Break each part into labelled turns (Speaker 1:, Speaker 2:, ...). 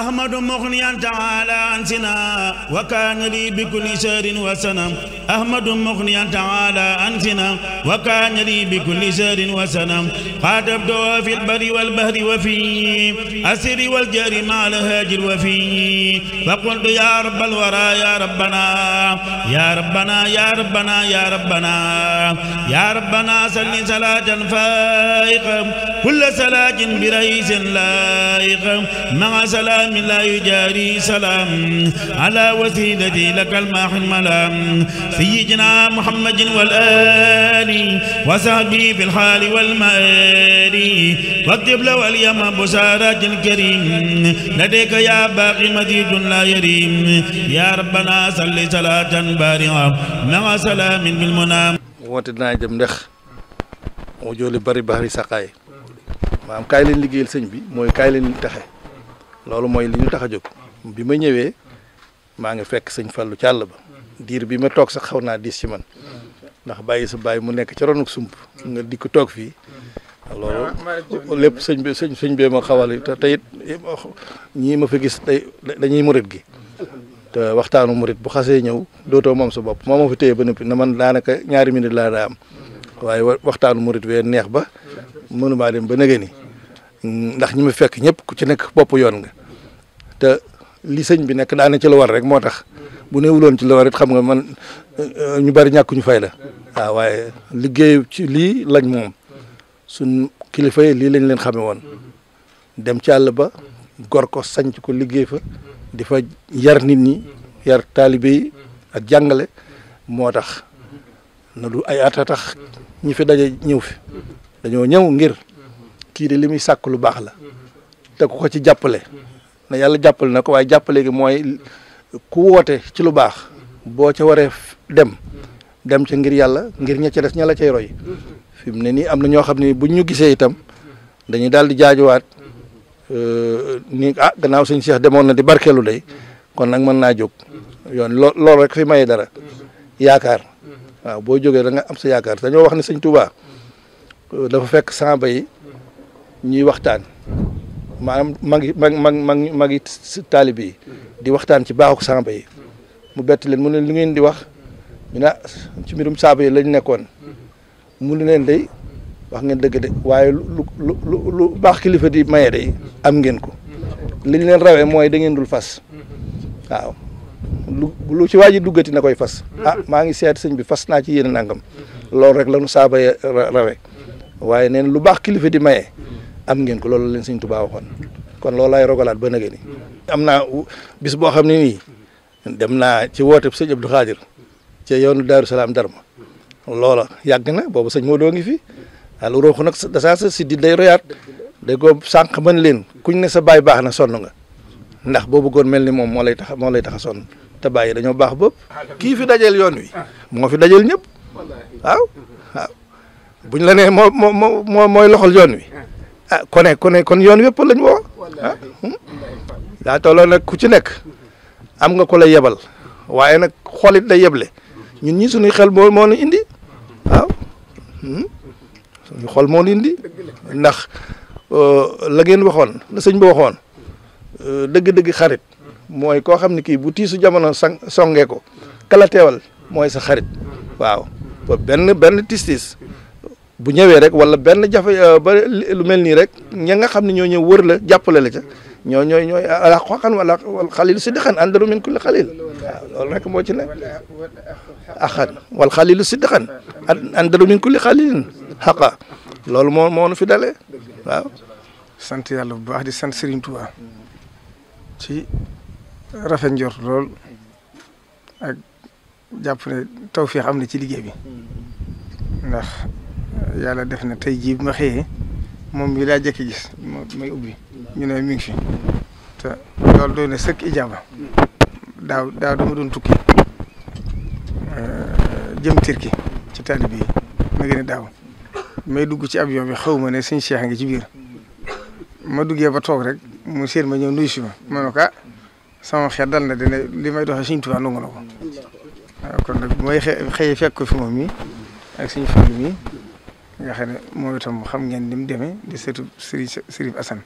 Speaker 1: أحمد مغنيا تعالى عن سنا وكان لي بكل سر وسنم أحمد مغنيا تعالى عن سنا وكان لي بكل سر وسنم خاطبته في البر والبهر وفي أسر والجار مع الهاجر وفي فقلت يا رب الورى يا ربنا يا ربنا يا ربنا يا ربنا يا ربنا سل صلاة فائقة كل صلاة برئيس لائق مع صلاة سلام لا يجاري سلام على وسيلتي لك الماح الملام سيدنا محمد والآل وصحبه في الحال والمآل واكتب له اليم بشارات الكريم لديك يا باقي مزيد لا يريم يا ربنا صل صلاة بارعة مع سلام بالمنام
Speaker 2: woote جم دخ وجولي بري بحري سقاي bari saqaay maam kaay leen liggéeyal sëñ bi mooy loolu moy liñu taxajuk tax a bi ma ñëwee maa ngi fekk señ fallu càll ba dir bi ma toog sax xawna dis ci man ndax bàyyi sa bàyyi mu nekk ci ronuk sump nga dik tok fi loolu lepp señ bi señ señ bee ma xawal te tey ñi ma fi gis tay dañuy murit gi te waxtanu murit bu xasse ñew doto mom sa bop mom ma fi téye ba nepp na man daanaka ñaari minute la da am waye waxtanu murit we neex ba ba dem ba nëgëni ndax ñi ma fekk ñëpp ku ci nekk bopp yoon nga te li sëñ bi nekk daana ci la war rek moo tax bu néewuloon ci la war it xam nga man euh, ñu bari ñàkkuñu fay la waaye liggéey ci lii lañ moom suñ kilifa yi lii lañ leen xame woon dem ci àll ba gor ko sanc ko liggéey fa di fa yar nit ñi yar taalibe yi ak jàngale moo tax na du ay at a tax ñi fi daje ñëw fi dañoo ñëw ngir kiri de limi muy lu bax la te ku ko ci jappale na yalla jappal na way jappale gi moy ku wote ci lu bax bo ci waré dem dem ci ngir yalla ngir ñi ci des ñala cey roy fim ne ni am na ñoo xam ne ñu itam dañuy di jaajuwaat euh, ni ah gannaaw sëñ Cheikh demoon na di barkelu day kon nak man na jóg yon lool rek fi maye dara yaakar waaw bo joge da nga am sa yaakar dañu wax ni sëñ Touba euh, dafa fekk bay ñuy waxtaan maanaam magi magi magi magi taalibe yi di waxtaan ci baaxuk samba yi mu bett leen mu ne lu ngeen di wax ñu ne ci mbirum saaba yi lañ nekkoon mu ne leen day wax ngeen dëgg de waaye lu lu lu baax kilifa di maye day am ngeen ko liñ leen rawee mooy da ngeen dul fas waaw lu lu ci waa ji duggati na koy fas ah maa ngi seet sëñ bi fas naa ci yéen nangam loolu rek la nu saaba ya rawe waaye neen lu baax kilifa di maye am ngeen ko loolu leen seigne touba waxoon kon loolu lay rogalaat ba nage ni am bis bo xamni ni dem ci wote seigne Abdou Khadir ci yoonu daru salam Darma loola yag na bobu seigne modo ngi fi al rooxu nak da sa siddi day royat de go sank man len kuñ ne sa bay bax na sonu nga ndax bobu bëggoon melni mom mo lay tax mo lay tax son te baye dañoo bax bop ki fi dajel yoon wi mo fi dajel ñep waaw buñ la ne mo mo mo moy loxol yoon wi ah ku ne ne kon yoon wépp lañ woo ah hmm? daa tolloo nag ku ci nekk am nga ko la yebal waaye nag xoolit la yeble ñun ñi suñuy xel moo moo nu indi waaw hmm? suñu xol moo nu indi ndax euh, la ngeen waxoon la sëñ bi waxoon euh, dëgg-dëgg xarit mooy koo xam ne kii bu tiisu jamono sang songee ko mooy sa xarit waaw benn benn tiis tiis bu ñëwee rek wala benn jafé euh, ba lu melni rek ña nga xam ñoo ñëw wër la jappalé la ca ñoo ñoy ñoy ala xoxan wala wal khalil sidqan andaru min kulli Khalil lool rek mo ci ne axan wal khalil sidqan andaru min kulli Khalil haqa lool mo mo nu fi dalé waaw sant yalla bu baax di sant Serigne Touba
Speaker 3: ci rafet ndior lool ak jàpp ne tawfiix ci liggéey bi ndax yàlla def na tey jii bi ma xëyee moom mi laa jëkk gis may ubbi ñu ne mi ngi fi te loolu doy na sëkk ijaaba daaw dama doon tukki euh, jëm Turquie ci taalib ma gën a daaw may dugg ci avion bi xaw ma ne suñ Cheikh ngi ci biir ma duggee ba toog rek mu seet ma ñëw nuyu si ma ma ne ko ah, sama xel dal na dina li may doxe suñ tubaab nangu na ko kon nag mooy xëy xëy fekk ko fi moom mi ak suñu fàll mi. nga xam ne moom itam xam ngeen ni mu demee di seetu Serigne Serigne Assane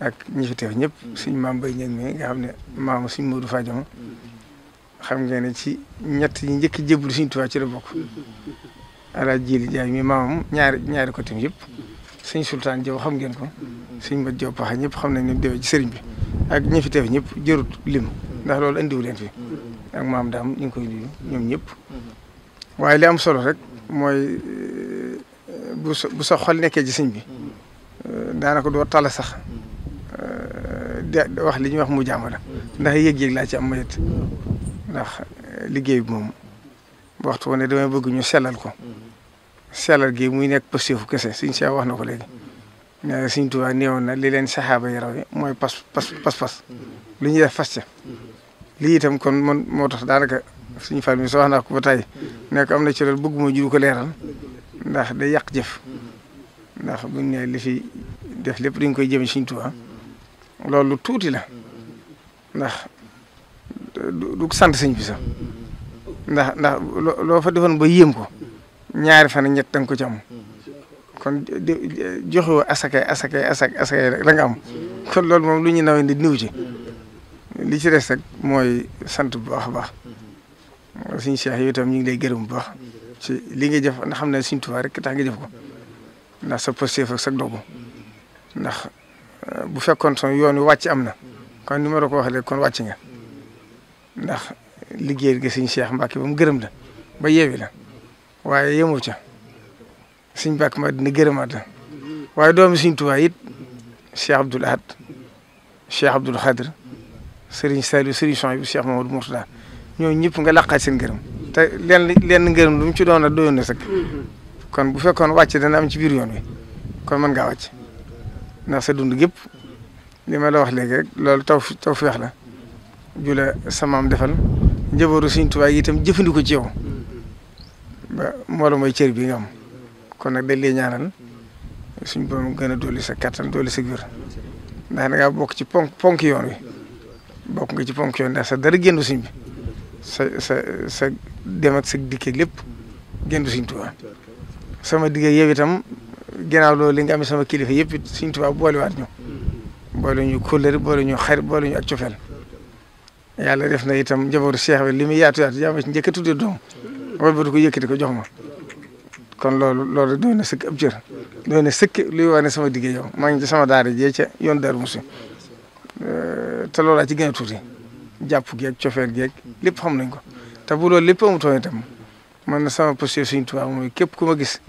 Speaker 3: ak ñi fi teew ñëpp suñ maam Baye ñeeg mi nga xam ne maamu suñ Modou Fadiama xam ngeen ne ci ñett ñi njëkk a suñ tu ci la bokk Alaaji Jili Jaay mi maamam ñaari ñaari côté yëpp suñ Sultaan Jaw xam ngeen ko suñ Mat Jaw Paxa ñëpp xam nañ ni mu ci sëriñ bi ak ñi fi teew ñëpp jërut lim ndax loolu andiwu leen fi ak maam daam ñu ngi koy nuyu ñoom ñëpp waaye li am solo rek mooy. bu sa bu sa xol nekkee ci sëñ bi euh, daanaka doo tala sax euh, de wax li ñuy wax mu jaama ndax yëg-yëg laa ci am mayet ndax euh, liggéey bi moom waxtu woon ne damay bëgg ñu sellal ko sellal gi muy nekk pasteefu kese suñ Cheikh wax na ko léegi mais sëñ Tuubaa néewoon na li leen saxaaba yi raw yi mooy pas pas pas pas lu ñuy def fass ca lii itam kon man moo tax daanaka sëñ Fall mi soo wax naa ko ba tey nekk am na ci loolu bëgguma juru ko leeral ndax day yàq jëf mm-hmm. ndax buñ ne li fi def lépp dañ koy jëme Sëriñ Tuubaa loolu tuuti la mm-hmm. ndax du sant sëñ bi mm-hmm. ndax ndax loo fa defoon ba yéem ko ñaari fan ñett danga ko ci am kon joxewoo asakay asakay asakay asakay rek la nga am kon loolu moom lu ñu nawee di niw ci li ci des rek mooy sant bu baax a baax suñu Cheikh yi itam ñu ngi lay gërëm bu baax ci li nga jëf ndax xam ne Sëriñ Tuubaa rek tax nga jëf ko ndax sa posté fa sa dogu ndax euh, bu fekkoon son yoon wi wàcc am na kon ni ma la ko waxee léegi kon wàcc nga ndax liggéey nga Sëriñ Cheikh Mbacke ba mu gërëm la ba yeewi la waaye yemoo ca Sëriñ Mbacke ma dina gërëmaat la waaye doomi Sëriñ Tuubaa it Cheikh Abdoul Ahad Cheikh Abdoul Khadr Serigne Saliou Serigne Chouaïbou Cheikh Mamadou Mourtada ñooñu ñëpp nga laqaat seen gërëm. te lenn lenn ngërëm lu mu ci doon a doyoon na sëkk mm-hmm. kon bu fekkoon wàcc dana am ci biir yoon wi kon mën nga wàcc ndax sa dund gépp li ma la wax léegi loolu taw taw feex la jula samaam defal njabootu Sëriñ Tuubaa yi itam jëfandiku ci yow mm-hmm. ba moo mooy cër bi nga am kon nag dañ lay ñaanal suñ boom gën a dolli sa kattan dolli sa wér ndax da ngaa bokk ci ponk ponk yoon wi bokk nga ci ponk yoon ndax sa dara génn suñ bi sa sa sa dem dikk lépp gëndu Sëriñ Tuubaa sama digg yow itam ginnaaw loolu li nga am sama kilifa yëpp it Sëriñ Tuubaa boolewaat ñu boole ñu kóllëre boole ñu xarit boole ñu ak cofeel yàlla def na itam njabootu Cheikh bi li muy yaatu yaatu yaa ma ci njëkk a tuddee doom wala ko ko jox ma kon loolu loolu doy na sëkk ab cër doy na sama digg maa ngi ci sama daara jee ca yoon Darou Moussi te loolaa ci gën tuuti. jàpp geeg cofeel geeg lépp xam nañ ko te bu loolu lépp amutoon itam man na sama posture Sëriñ Tuubaa mooy képp ku ma gis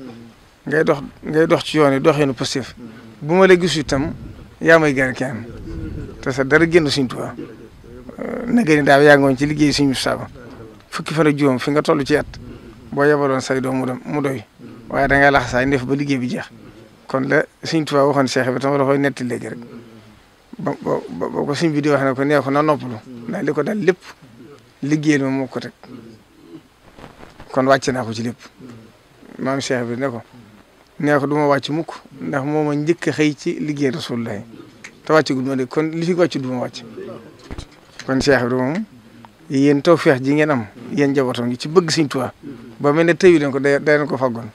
Speaker 3: ngay dox ngay dox ci yoon yi doxinu positif bu ma la gisu tam yaa may gën kenn te sa dara génn Sëriñ Tuubaa nagani daaw yaa ngoon ci liggéey Sëriñ Muusaa Ba fukki fan a juróom fi nga toll ci at boo yebaloon say doom mu dem mu doy waaye da ngay lax saay ndef ba liggéey bi jeex kon la Sëriñ Tuubaa waxoon Seex bi tam la koy netti léegi rek ba ba ba ko suñ vidéo wax ne ko nee ko na noppalu mm. ndax li ko dal lépp liggéeyal ma moo ko teg kon wàcc naa ko ci lépp mm. maam Cheikh bi ne ko nee ko du ma wàcc mukk ndax moo ma njëkk a xëy ci liggéey Rasulullah te wàcc guddi ma de kon li fi wàcc du ma kon Cheikh bi moom yéen taw feex ji ngeen am yen njabootam gi ci bëgg Sëñ ba mel ne tëyu leen ko day day ko faggoon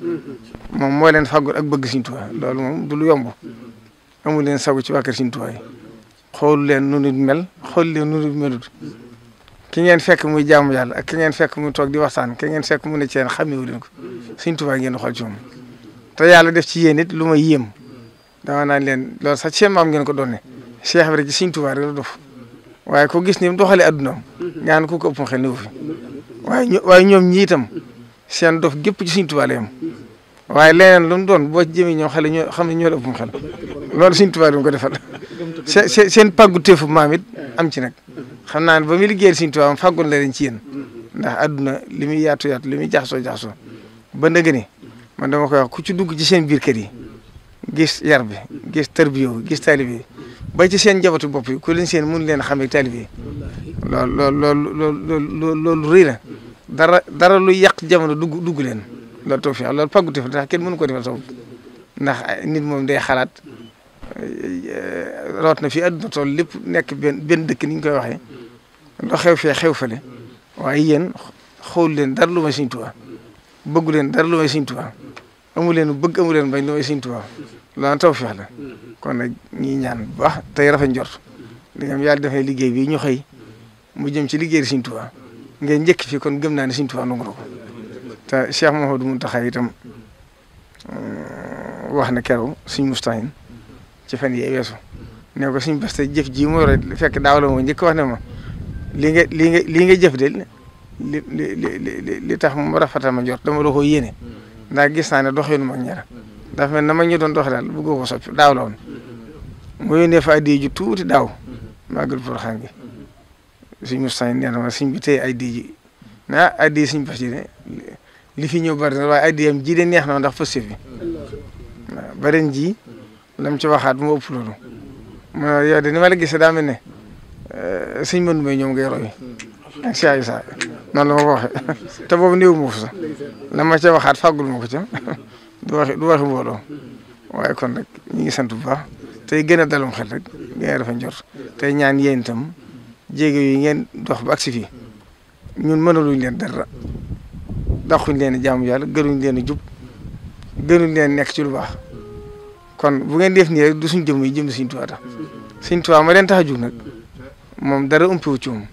Speaker 3: moom moo leen faggoon ak bëgg Sëñ Tuubaa loolu moom du lu yomb amu leen sago ci waa kër Sëñ xool leen nu mel xool leen nu nit melut ki ngeen fekk muy jaamu yàlla ak ki ngeen fekk muy toog di waxtaan ki ngeen fekk mu ne ci yéen xamewu leen ko Sëñ Tuubaa ngeen xool te yàlla def ci yéen it lu ma yéem dama naan leen loolu sax seen maam ngeen ko doonee Cheikh bi rek ci dof waaye ko gis ni mu doxalee addunaam ñaan ku ko ëpp xel ne fi waaye waaye ñoom ñii itam seen dof gépp ci Sëñ Tuubaa la waaye leen lu doon boo ci jëmee ñoom xale ñoo xam ne ñoo la ëpp xel loolu Sëñ Tuubaa la ko defal. seen seen pàggu teefu maam am ci nag xam naa ne ba muy liggéeyal Sëriñ Tuubaa fàggoon la leen ci yéen ndax àdduna li muy yaatu yaatu li muy jaxasoo jaxasoo ba ndëgg ni dama koy wax ku ci dugg ci seen biir kër yi gis yar bi gis tarbiyoo gis taalibe ba ci seen njabootu bopp yi ku seen mun leen xamee taalibe loolu loolu loolu loolu loolu rëy la dara dara lu yàq jamono dugg dugg leen loolu tawfeex loolu pàggu teef ndax kenn mënu ko defal saw ndax nit moom day xalaat rawat na fii àdduna tool lépp nekk benn benn dëkk ni ñu koy waxee xew fee xew fale waaye yéen xool leen dara lu may Sëriñ Tuubaa leen dara lu may Sëriñ Tuubaa leen bëgg amu leen bañ lu may Sëriñ Tuubaa loolu tawfeex la kon nag ñi ñaan bu baax tey rafet njort li nga xam yàlla dafay liggéey bi ñu xëy mu jëm ci liggéey Sëriñ Tuubaa ngeen njëkk fi kon gëm naa ne Sëriñ Tuubaa nangu ko te Cheikh Mouhamadou Mountakha itam euh, wax na keroog Sëriñ Moustahine ci fan yee weesu ne ko suñ jëf ji mu yore fekk daaw la moo njëkk wax ne ma nga li nga lii nga jëf de li li li tax mu rafetal ma jot dama la ko yéene ndax gis naa ne doxinu mag ñara dafa mel na ma ñu doon doxe daal bëggoo ko soppi daaw la woon mu yónnee fa daaw màggal Poroxaan gi suñ nee na ma suñ bi tey ay di ji ah fi ñëw bari na waaye addi neex na ndax positif bi waaw baren lam ci waxaat moo ëpp loolu ma yow de ni ma la gisee daa mel ne eh, sëñ Manoumbe may ñoom ngay roy ak si ay saa noonu la ma ko boobu néew mu fa la ma ca waxaat fàggul ma ko ca du waxi du waxi mbooloo waaye kon nag ñu ngi sant bu baax tey gën a dalum xel rek gën a dafa njort tey ñaan yéen itam jéego yi ngeen dox ba fi ñun mënaluñ leen dara daxuñ leen jaamu yàlla gënuñ leen jub gënuñ leen nekk ci lu baax. kon bu ngeen def nii du suñ jëm yi jëm suñ Tuubaa tax suñ Tuubaa ma leen tax jug nag moom dara umpiwu ci moom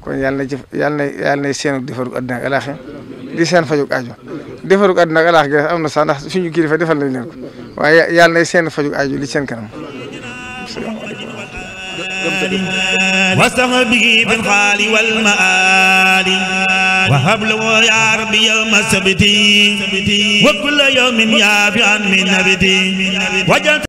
Speaker 3: kon yàlla na ci yàlla na yàlla na seen defaru àddina ak alaaxe di seen fajug aajo defaru àddina ak alaaxe gi am na sax ndax suñu kilifa fa nañ leen ko waaye yàlla na seen fajug aajo li seen kanam
Speaker 1: وصحبه في الحال والمآل وهب له يا ربي يوم السبتي وكل يوم يافعا من نبتي وجعل